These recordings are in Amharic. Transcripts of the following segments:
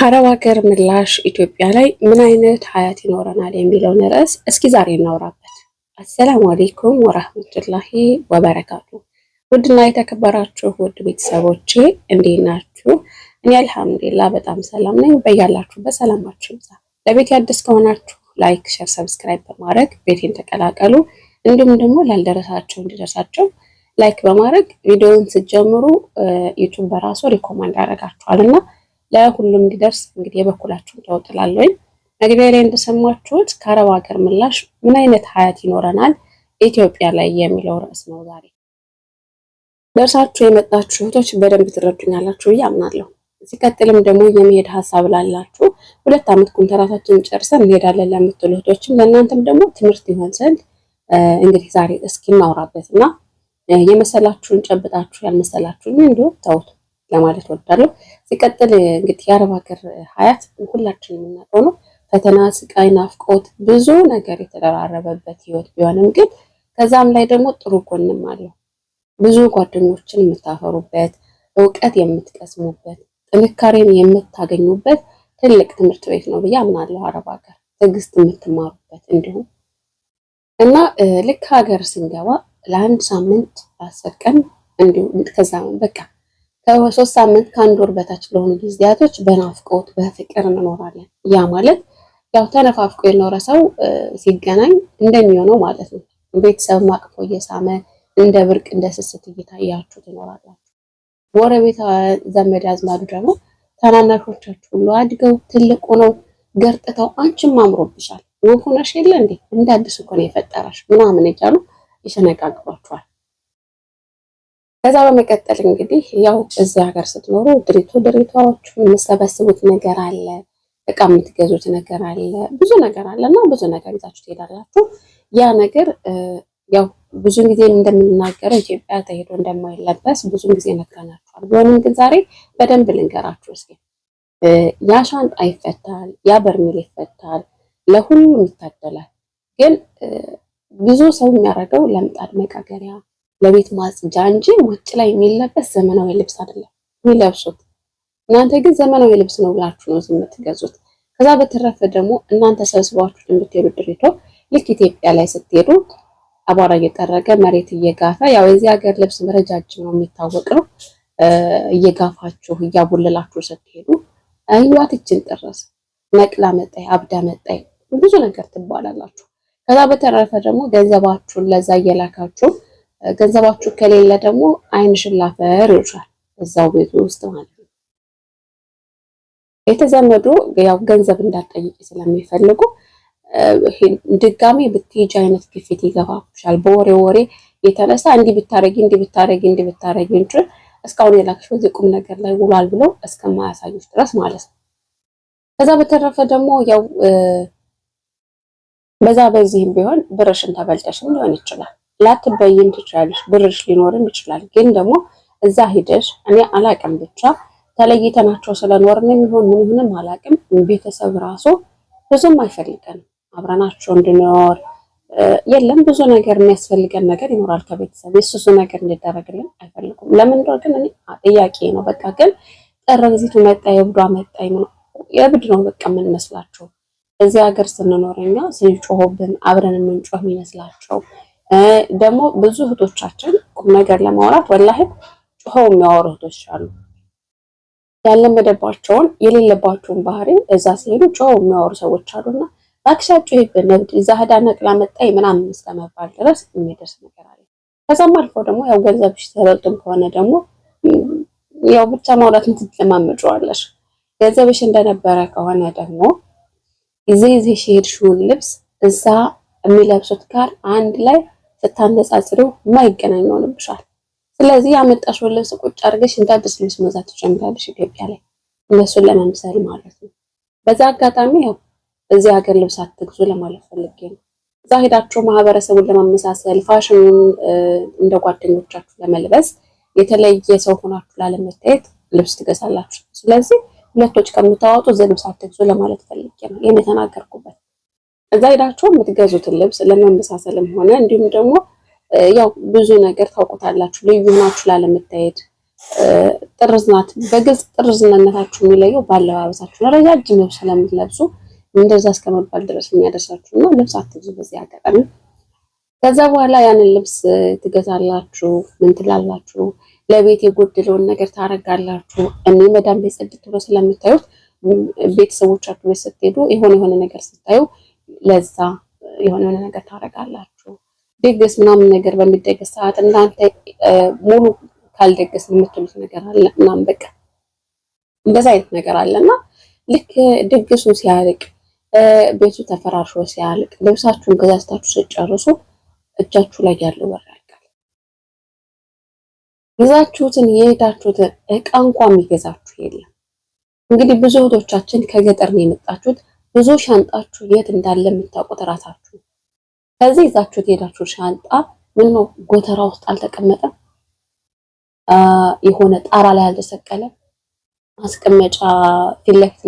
ከአረብ ሀገር ምላሽ ኢትዮጵያ ላይ ምን አይነት ሀያት ይኖረናል የሚለውን ርዕስ እስኪ ዛሬ እናውራበት። አሰላሙ አሌይኩም ወራህመቱላሂ ወበረካቱ። ውድና የተከበራችሁ ውድ ቤተሰቦቼ እንዴት ናችሁ? እኔ አልሐምዱሊላ በጣም ሰላም ነኝ። በያላችሁ በሰላማችሁ ይብዛ። ለቤት አዲስ ከሆናችሁ ላይክ፣ ሸር፣ ሰብስክራይብ በማድረግ ቤቴን ተቀላቀሉ። እንዲሁም ደግሞ ላልደረሳቸው እንዲደርሳቸው ላይክ በማድረግ ቪዲዮውን ስትጀምሩ ዩቱብ በራሱ ሪኮማንድ ያደርጋችኋል እና ለሁሉም እንዲደርስ እንግዲህ የበኩላችሁን ተወጥላለሁኝ። መግቢያ ላይ እንደሰማችሁት ከአረብ ሀገር ምላሽ ምን አይነት ሀያት ይኖረናል ኢትዮጵያ ላይ የሚለው ርዕስ ነው ዛሬ። ደርሳችሁ የመጣችሁ እህቶች በደንብ ትረዱኛላችሁ ብዬ አምናለሁ። ሲቀጥልም ደግሞ የመሄድ ሀሳብ ላላችሁ ሁለት ዓመት ኮንትራታችንን ጨርሰን እንሄዳለን ለምትሉ እህቶችም ለእናንተም ደግሞ ትምህርት ይሆን ዘንድ እንግዲህ ዛሬ እስኪ እናውራበት እና የመሰላችሁን ጨብጣችሁ ያልመሰላችሁን እንዲሁ ተውት። ለማለት ወዳለሁ። ሲቀጥል እንግዲህ የአረብ ሀገር ሀያት ሁላችን የምናውቀው ነው። ፈተና፣ ስቃይ፣ ናፍቆት ብዙ ነገር የተደራረበበት ህይወት ቢሆንም ግን ከዛም ላይ ደግሞ ጥሩ ጎንም አለው። ብዙ ጓደኞችን የምታፈሩበት፣ እውቀት የምትቀስሙበት፣ ጥንካሬን የምታገኙበት ትልቅ ትምህርት ቤት ነው ብዬ አምናለሁ። አረብ ሀገር ትዕግስት የምትማሩበት እንዲሁም እና ልክ ሀገር ስንገባ ለአንድ ሳምንት አሰቀን እንዲሁ ከዛ በቃ ከሶስት ሳምንት ከአንድ ወር በታች ለሆኑ ጊዜያቶች በናፍቆት በፍቅር እንኖራለን። ያ ማለት ያው ተነፋፍቆ የኖረ ሰው ሲገናኝ እንደሚሆነው ማለት ነው። ቤተሰብ ማቅፎ እየሳመ እንደ ብርቅ እንደ ስስት እየታያችሁ ትኖራላችሁ። ጎረቤት፣ ዘመድ አዝማዱ ደግሞ ተናናሾቻችሁ ሁሉ አድገው ትልቁ ነው ገርጥተው አንቺም አምሮብሻል ውብ ሆነሽ የለ እንዴ እንደ አዲስ እኮ ነው የፈጠረሽ ምናምን እያሉ ይሸነቃቅሯችኋል። ከዛ በመቀጠል እንግዲህ ያው እዚህ ሀገር ስትኖሩ ድሪቶ ድሪቶዎቹ የምሰበስቡት ነገር አለ፣ እቃ የምትገዙት ነገር አለ፣ ብዙ ነገር አለ እና ብዙ ነገር ይዛችሁ ትሄዳላችሁ። ያ ነገር ያው ብዙ ጊዜ እንደምንናገረው ኢትዮጵያ ተሄዶ እንደማይለበስ ብዙ ጊዜ ነግረናችኋል። ቢሆንም ግን ዛሬ በደንብ ልንገራችሁ እስኪ። ያ ሻንጣ ይፈታል፣ ያ በርሜል ይፈታል፣ ለሁሉም ይታደላል። ግን ብዙ ሰው የሚያደርገው ለምጣድ መቃገሪያ። ለቤት ማጽጃ እንጂ ውጭ ላይ የሚለበስ ዘመናዊ ልብስ አይደለም የሚለብሱት። እናንተ ግን ዘመናዊ ልብስ ነው ብላችሁ ነው የምትገዙት። ከዛ በተረፈ ደግሞ እናንተ ሰብስባችሁ የምትሄዱ ድሬቶ ልክ ኢትዮጵያ ላይ ስትሄዱ አቧራ እየጠረገ መሬት እየጋፈ ያው የዚህ ሀገር ልብስ ረጃጅም ነው የሚታወቅ ነው። እየጋፋችሁ እያቦለላችሁ ስትሄዱ ህይወት ይችን ጥረስ ነቅላ መጣይ አብዳ መጣይ ብዙ ነገር ትባላላችሁ። ከዛ በተረፈ ደግሞ ገንዘባችሁን ለዛ እየላካችሁ ገንዘባችሁ ከሌለ ደግሞ አይን ሽላፈር ይሉሻል እዛው ቤቱ ውስጥ ማለት ነው። የተዘመዱ ያው ገንዘብ እንዳትጠይቂ ስለሚፈልጉ ድጋሚ ብትሄጂ አይነት ግፊት ይገባብሻል። በወሬ ወሬ የተነሳ እንዲህ ብታረጊ እንዲህ ብታረጊ እንዲህ ብታረጊ እንጂ እስካሁን የላክሽው እዚህ ቁም ነገር ላይ ውሏል ብለው እስከማያሳዩሽ ድረስ ማለት ነው። ከዛ በተረፈ ደግሞ ያው በዛ በዚህም ቢሆን ብርሽን ተበልጠሽም ሊሆን ይችላል ላትበይን ትችላለች፣ ብርሽ ሊኖርም ይችላል። ግን ደግሞ እዛ ሂደሽ እኔ አላቅም ብቻ ተለይተናቸው ስለኖርን የሚሆን ምን ይሁንም አላቅም። ቤተሰብ ራሱ ብዙም አይፈልገን አብረናቸው እንድኖር የለም ብዙ ነገር የሚያስፈልገን ነገር ይኖራል ከቤተሰብ የሱሱ ነገር እንዲደረግልን አይፈልጉም። ለምን ግን እኔ ጥያቄ ነው። በቃ ግን ጠረግዚቱ መጣ የብዷ መጣ የብድ ነው በቃ የምንመስላቸው እዚህ ሀገር ስንኖር እኛ ስንጮሆብን አብረን የምንጮህ ይመስላቸው ደግሞ ብዙ እህቶቻችን ቁም ነገር ለማውራት ወላሂ ጮኸው የሚያወሩ እህቶች አሉ። ያለመደባቸውን የሌለባቸውን ባህሪ እዛ ሲሄዱ ጮኸው የሚያወሩ ሰዎች አሉና ባክሻጩ ይህ በነብድ እዛ ሄዳ ነቅላ መጣይ ምናምን እስከመባል ድረስ የሚደርስ ነገር አለ። ከዛም አልፎ ደግሞ ያው ገንዘብሽ ተበልጦም ከሆነ ደግሞ ያው ብቻ ማውራት ትለማመጪዋለሽ። ገንዘብሽ እንደነበረ ከሆነ ደግሞ ይዘሽ ይዘሽ የሄድሽውን ልብስ እዛ የሚለብሱት ጋር አንድ ላይ ስታነጻጽሪው የማይገናኝ ይሆንብሻል። ስለዚህ ያመጣሽውን ልብስ ቁጭ አድርገሽ እንደ አዲስ ልብስ መግዛት ኢትዮጵያ ላይ እነሱን ለመምሰል ማለት ነው። በዛ አጋጣሚ ያው እዚህ ሀገር ልብስ አትግዙ ለማለት ፈልጌ ነው። እዛ ሄዳችሁ ማህበረሰቡን ለማመሳሰል ፋሽኑን እንደ ጓደኞቻችሁ ለመልበስ የተለየ ሰው ሆናችሁ ላለመታየት ልብስ ትገዛላችሁ። ስለዚህ ሁለቶች ከምታወጡ እዚህ ልብስ አትግዙ ለማለት ፈልጌ ነው ይህን የተናገርኩበት። እዛ ሄዳችሁ የምትገዙትን ልብስ ለመመሳሰልም ሆነ እንዲሁም ደግሞ ያው ብዙ ነገር ታውቁታላችሁ። ልዩ ሆናችሁ ላለመታየት ጥርዝናት በግልጽ ጥርዝነታችሁ የሚለየው ባለባበሳችሁ ረጃጅም ልብስ ስለምትለብሱ እንደዛ እስከመባል ድረስ የሚያደርሳችሁ ነው። ልብስ አትግዙ በዚህ አጋጣሚ። ከዛ በኋላ ያንን ልብስ ትገዛላችሁ። ምን ትላላችሁ? ለቤት የጎደለውን ነገር ታረጋላችሁ። እኔ መዳም ቤት ጽድት ብሎ ስለምታዩት ቤተሰቦቻችሁ ቤት ስትሄዱ የሆነ የሆነ ነገር ስታዩ ለዛ የሆነ ነገር ታደርጋላችሁ። ድግስ ምናምን ነገር በሚደግስ ሰዓት እናንተ ሙሉ ካልደግስ የምትሉት ነገር አለ ምናምን በቃ እንደዛ አይነት ነገር አለና ልክ ድግሱ ሲያልቅ ቤቱ ተፈራርሾ ሲያልቅ ልብሳችሁን ገዛዝታችሁ ስጨርሱ እጃችሁ ላይ ያለው ወር ያልቃል። ይዛችሁትን የሄዳችሁትን እቃ እንኳን የሚገዛችሁ የለም። እንግዲህ ብዙ እህቶቻችን ከገጠር ነው የመጣችሁት ብዙ ሻንጣችሁ የት እንዳለ የምታውቁት እራሳችሁ ከዚህ ይዛችሁ የሄዳችሁ ሻንጣ ምን ነው ጎተራ ውስጥ አልተቀመጠም? የሆነ ጣራ ላይ አልተሰቀለም? ማስቀመጫ ፊት ለፊት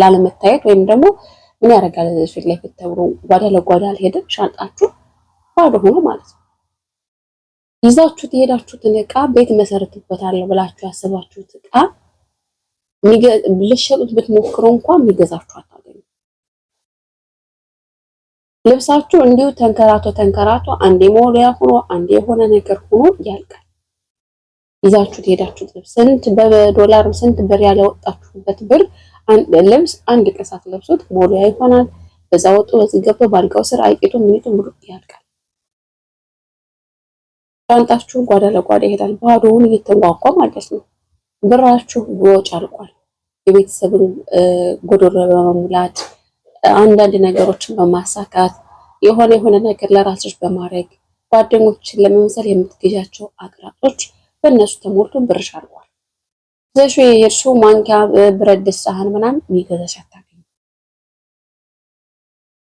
ላለመታየት ወይም ደግሞ ምን ያደርጋል ፊት ለፊት ተብሎ ጓዳ ለጓዳ አልሄደም። ሻንጣችሁ ባዶ ሆኖ ማለት ነው። ይዛችሁት የሄዳችሁትን እቃ ቤት መሰረትበታለሁ ብላችሁ ያስባችሁት እቃ ልሸጡት ብትሞክሩ እንኳን የሚገዛችኋል ልብሳችሁ እንዲሁ ተንከራቶ ተንከራቶ አንዴ መወልወያ ሆኖ አንዴ የሆነ ነገር ሆኖ ያልቃል። ይዛችሁ ሄዳችሁት ልብስ ስንት በዶላር ስንት ብር ያለወጣችሁበት ብር ልብስ አንድ ቀሳት ሳትለብሱት መወልወያ ይሆናል። በዛ ወጡ በዚህ ገብቶ ባልጋው ስር አይቂቱ ምኒቱ ሙሉ ያልቃል። ሻንጣችሁን ጓዳ ለጓዳ ይሄዳል። ባዶውን እየተንጓጓ ማለት ነው። ብራችሁ ወጪ አልቋል። የቤተሰብን ጎዶሎ በመሙላት አንዳንድ ነገሮችን በማሳካት የሆነ የሆነ ነገር ለራሶች በማድረግ ጓደኞችን ለመምሰል የምትገዣቸው አቅራጦች በእነሱ ተሞልቶ ብርሽ አድርጓል። ዘሹ የሄድሽው ማንኪያ፣ ብረት ድስት፣ ሳህን ምናምን የሚገዛሽ አታገኝ።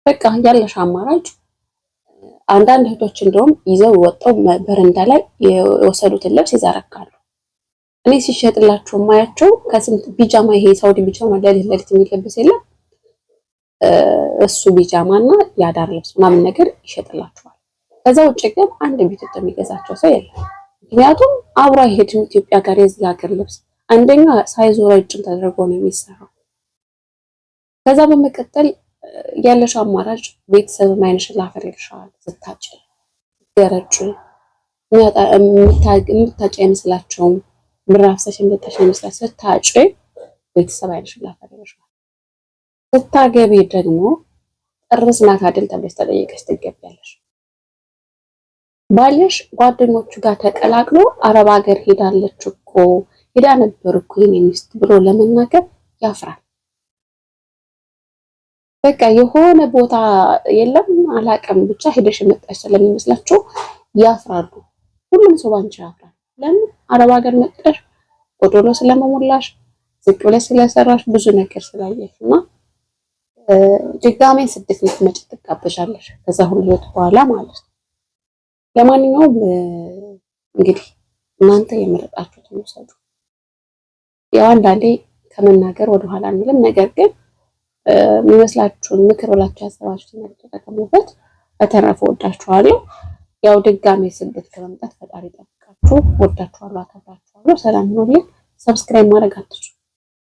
በቃ ያለሽ አማራጭ አንዳንድ እህቶች እንደውም ይዘው ወጠው በረንዳ ላይ የወሰዱትን ልብስ ይዘረጋሉ። እኔ ሲሸጥላቸው ማያቸው ከስንት ቢጃማ ይሄ ሳውዲ ቢጃማ ለሊት ለሊት የሚለብስ የለም እሱ ቢጃማ ቢጃማና የአዳር ልብስ ምናምን ነገር ይሸጥላችኋል። ከዛ ውጭ ግን አንድ ቢትጥ የሚገዛቸው ሰው የለም። ምክንያቱም አብሮ አይሄድም ኢትዮጵያ ጋር የዚህ ሀገር ልብስ አንደኛ ሳይዙ ረጅም ተደርጎ ነው የሚሰራው። ከዛ በመቀጠል ያለሽ አማራጭ ቤተሰብ አይነሽ ላፈር ላፈልግሻል ስታጭ ገረጩ የምታጭ አይመስላቸውም። ምራፍሰሽ የምታጭ አይመስላቸውም። ስታጭ ቤተሰብ አይነሽ ላፈር ላፈልግሻል ስታገቢ ደግሞ ጥርስ ናት አይደል ተብለሽ ተጠይቀሽ ትገቢያለሽ። ባልሽ ጓደኞቹ ጋር ተቀላቅሎ አረብ ሀገር ሄዳለች እኮ ሄዳ ነበር እኮ የኔ ሚስት ብሎ ለመናገር ያፍራል። በቃ የሆነ ቦታ የለም አላቀም ብቻ ሄደሽ መጣሽ ስለሚመስላቸው ያፍራሉ። ሁሉም ሰው ባንቺ ያፍራል። ለምን አረብ ሀገር መጥተሽ ጎዶሎ ስለመሞላሽ፣ ዝቅ ብለሽ ስለሰራሽ፣ ብዙ ነገር ስላየሽ እና ድጋሜ ስደት ልትመጪ ትጋበዣለሽ። ከዛ ሁሉ በኋላ ማለት ነው። ለማንኛውም እንግዲህ እናንተ የመረጣችሁትን ውሰዱ። ያው አንዳንዴ ከመናገር ወደኋላ አንልም። ነገር ግን የሚመስላችሁን ምክር ብላችሁ ያሰባችሁትን ነገር ተጠቀሙበት። በተረፈ ወዳችኋለሁ። ያው ድጋሜ ስደት ከመምጣት ፈጣሪ ጠብቃችሁ። ወዳችኋለሁ፣ አከብራችኋለሁ። ሰላም ኑሩልኝ። ሰብስክራይብ ማድረግ አትችሉ